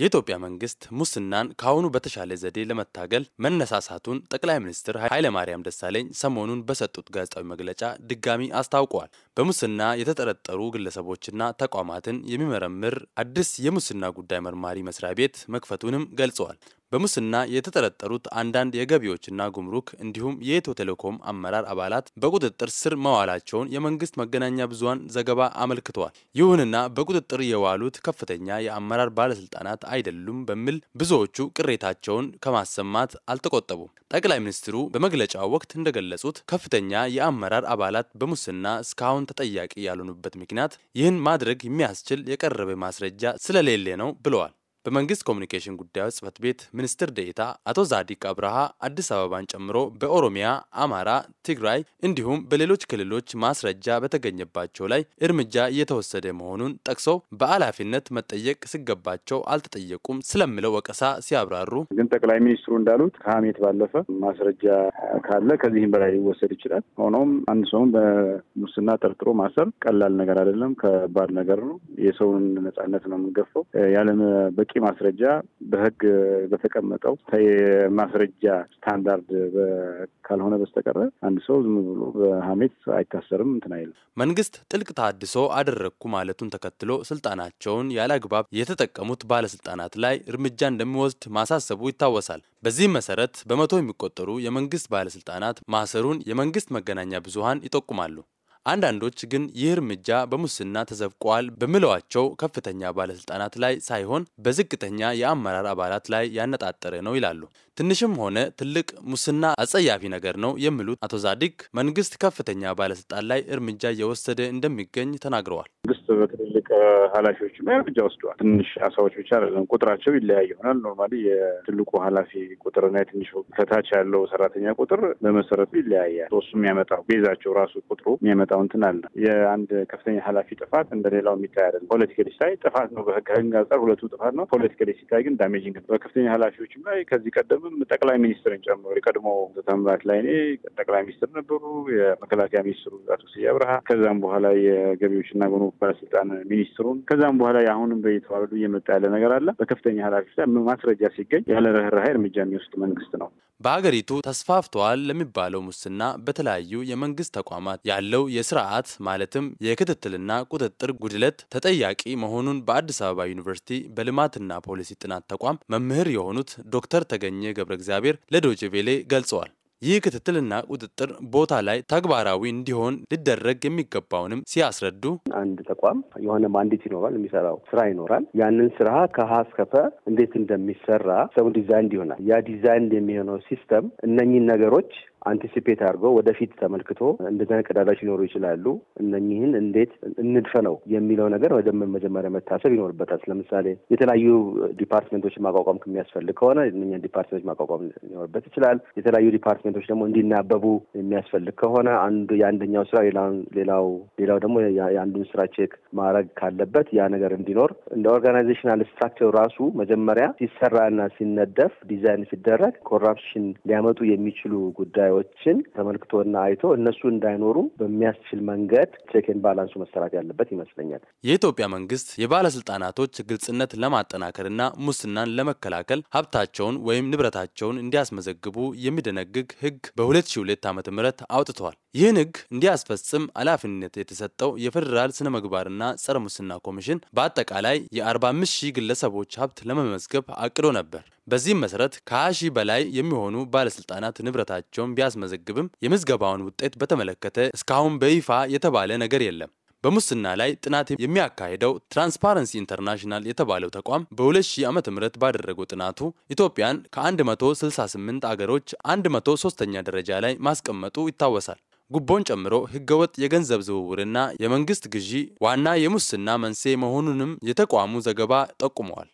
የኢትዮጵያ መንግስት ሙስናን ከአሁኑ በተሻለ ዘዴ ለመታገል መነሳሳቱን ጠቅላይ ሚኒስትር ኃይለማርያም ደሳለኝ ሰሞኑን በሰጡት ጋዜጣዊ መግለጫ ድጋሚ አስታውቋል። በሙስና የተጠረጠሩ ግለሰቦችና ተቋማትን የሚመረምር አዲስ የሙስና ጉዳይ መርማሪ መስሪያ ቤት መክፈቱንም ገልጸዋል። በሙስና የተጠረጠሩት አንዳንድ የገቢዎችና ጉምሩክ እንዲሁም የኢትዮ ቴሌኮም አመራር አባላት በቁጥጥር ስር መዋላቸውን የመንግስት መገናኛ ብዙሀን ዘገባ አመልክተዋል። ይሁንና በቁጥጥር የዋሉት ከፍተኛ የአመራር ባለስልጣናት አይደሉም በሚል ብዙዎቹ ቅሬታቸውን ከማሰማት አልተቆጠቡም። ጠቅላይ ሚኒስትሩ በመግለጫው ወቅት እንደገለጹት ከፍተኛ የአመራር አባላት በሙስና እስካሁን ተጠያቂ ያልሆኑበት ምክንያት ይህን ማድረግ የሚያስችል የቀረበ ማስረጃ ስለሌለ ነው ብለዋል። በመንግስት ኮሚኒኬሽን ጉዳዮች ጽህፈት ቤት ሚኒስትር ዴኤታ አቶ ዛዲቅ አብርሃ አዲስ አበባን ጨምሮ በኦሮሚያ፣ አማራ፣ ትግራይ እንዲሁም በሌሎች ክልሎች ማስረጃ በተገኘባቸው ላይ እርምጃ እየተወሰደ መሆኑን ጠቅሰው በኃላፊነት መጠየቅ ሲገባቸው አልተጠየቁም ስለሚለው ወቀሳ ሲያብራሩ ግን ጠቅላይ ሚኒስትሩ እንዳሉት ከሀሜት ባለፈ ማስረጃ ካለ ከዚህም በላይ ሊወሰድ ይችላል። ሆኖም አንድ ሰውን በሙስና ጠርጥሮ ማሰር ቀላል ነገር አይደለም፣ ከባድ ነገር ነው። የሰውን ነጻነት ነው የምንገፈው ያለ ማስረጃ በህግ በተቀመጠው የማስረጃ ስታንዳርድ ካልሆነ በስተቀረ አንድ ሰው ዝም ብሎ በሀሜት አይታሰርም እንትን አይልም። መንግስት ጥልቅ ታድሶ አደረግኩ ማለቱን ተከትሎ ስልጣናቸውን ያለ አግባብ የተጠቀሙት ባለስልጣናት ላይ እርምጃ እንደሚወስድ ማሳሰቡ ይታወሳል። በዚህም መሰረት በመቶ የሚቆጠሩ የመንግስት ባለስልጣናት ማሰሩን የመንግስት መገናኛ ብዙሀን ይጠቁማሉ። አንዳንዶች ግን ይህ እርምጃ በሙስና ተዘብቀዋል በሚለዋቸው ከፍተኛ ባለስልጣናት ላይ ሳይሆን በዝቅተኛ የአመራር አባላት ላይ ያነጣጠረ ነው ይላሉ። ትንሽም ሆነ ትልቅ ሙስና አጸያፊ ነገር ነው የሚሉት አቶ ዛዲግ መንግስት ከፍተኛ ባለስልጣን ላይ እርምጃ እየወሰደ እንደሚገኝ ተናግረዋል። መንግስት ትልልቅ ኃላፊዎችም እርምጃ ወስደዋል። ትንሽ አሳዎች ብቻ አይደለም፣ ቁጥራቸው ይለያይ ይሆናል። ኖርማሊ የትልቁ ኃላፊ ቁጥርና የትንሹ ከታች ያለው ሰራተኛ ቁጥር በመሰረቱ ይለያያል። ሶስቱ የሚያመጣው ቤዛቸው ራሱ ቁጥሩ የሚያመጣው እንትን አለ። የአንድ ከፍተኛ ኃላፊ ጥፋት እንደሌላው የሚታይ አይደለም። ፖለቲካሊ ሲታይ ጥፋት ነው፣ በህግ አንጻር ሁለቱ ጥፋት ነው። ፖለቲካሊ ሲታይ ግን ዳሜጂንግ ነው። በከፍተኛ ኃላፊዎችም ላይ ከዚህ ቀደምም ጠቅላይ ሚኒስትርን ጨምሮ የቀድሞ ተምራት ላይ ላይኔ ጠቅላይ ሚኒስትር ነበሩ፣ የመከላከያ ሚኒስትሩ አቶ ስዬ አብርሃ ከዛም በኋላ የገቢዎችና ጉምሩክ ባለስልጣን ሚኒስትሩም ከዛም በኋላ አሁንም በየተዋረዱ እየመጣ ያለ ነገር አለ። በከፍተኛ ኃላፊዎች ላይ ማስረጃ ሲገኝ ያለ ርኅራኄ እርምጃ የሚወስድ መንግስት ነው። በሀገሪቱ ተስፋፍተዋል ለሚባለው ሙስና በተለያዩ የመንግስት ተቋማት ያለው የስርዓት ማለትም የክትትልና ቁጥጥር ጉድለት ተጠያቂ መሆኑን በአዲስ አበባ ዩኒቨርሲቲ በልማትና ፖሊሲ ጥናት ተቋም መምህር የሆኑት ዶክተር ተገኘ ገብረ እግዚአብሔር ለዶይቼ ቬለ ገልጸዋል። ይህ ክትትልና ቁጥጥር ቦታ ላይ ተግባራዊ እንዲሆን ሊደረግ የሚገባውንም ሲያስረዱ አንድ ተቋም የሆነ ማንዲት ይኖራል፣ የሚሰራው ስራ ይኖራል። ያንን ስራ ከሀ እስከ እንዴት እንደሚሰራ ሰው ዲዛይን ይሆናል። ያ ዲዛይን የሚሆነው ሲስተም እነኚህን ነገሮች አንቲሲፔት አድርጎ ወደፊት ተመልክቶ እንደዚህ አይነት ሊኖሩ ይችላሉ፣ እነኚህን እንዴት እንድፈ ነው የሚለው ነገር መጀመሪያ መታሰብ ይኖርበታል። ለምሳሌ የተለያዩ ዲፓርትሜንቶች ማቋቋም ከሚያስፈልግ ከሆነ እነኛን ዲፓርትሜንቶች ማቋቋም ሊኖርበት ይችላል። የተለያዩ ዲፓርትሜንቶች ደግሞ እንዲናበቡ የሚያስፈልግ ከሆነ አንዱ የአንደኛው ስራ ሌላው ሌላው ደግሞ የአንዱን ስራ ቼክ ማድረግ ካለበት ያ ነገር እንዲኖር እንደ ኦርጋናይዜሽናል ስትራክቸር ራሱ መጀመሪያ ሲሰራና ሲነደፍ ዲዛይን ሲደረግ ኮራፕሽን ሊያመጡ የሚችሉ ጉዳዮች ጉዳዮችን ተመልክቶና አይቶ እነሱ እንዳይኖሩ በሚያስችል መንገድ ቼክን ባላንሱ መሰራት ያለበት ይመስለኛል። የኢትዮጵያ መንግስት የባለስልጣናቶች ግልጽነት ለማጠናከርና ሙስናን ለመከላከል ሀብታቸውን ወይም ንብረታቸውን እንዲያስመዘግቡ የሚደነግግ ህግ በ2002 ዓ ም አውጥተዋል። ይህን ህግ እንዲያስፈጽም ኃላፊነት የተሰጠው የፌዴራል ስነ ምግባርና ጸረ ሙስና ኮሚሽን በአጠቃላይ የ45 ሺህ ግለሰቦች ሀብት ለመመዝገብ አቅዶ ነበር። በዚህም መሰረት ከ20 ሺህ በላይ የሚሆኑ ባለስልጣናት ንብረታቸውን ቢያስመዘግብም የምዝገባውን ውጤት በተመለከተ እስካሁን በይፋ የተባለ ነገር የለም። በሙስና ላይ ጥናት የሚያካሄደው ትራንስፓረንሲ ኢንተርናሽናል የተባለው ተቋም በ2000 ዓ ም ባደረገው ጥናቱ ኢትዮጵያን ከ168 አገሮች 103ኛ ደረጃ ላይ ማስቀመጡ ይታወሳል። ጉቦን ጨምሮ ህገወጥ የገንዘብ ዝውውርና የመንግስት ግዢ ዋና የሙስና መንስኤ መሆኑንም የተቋሙ ዘገባ ጠቁመዋል።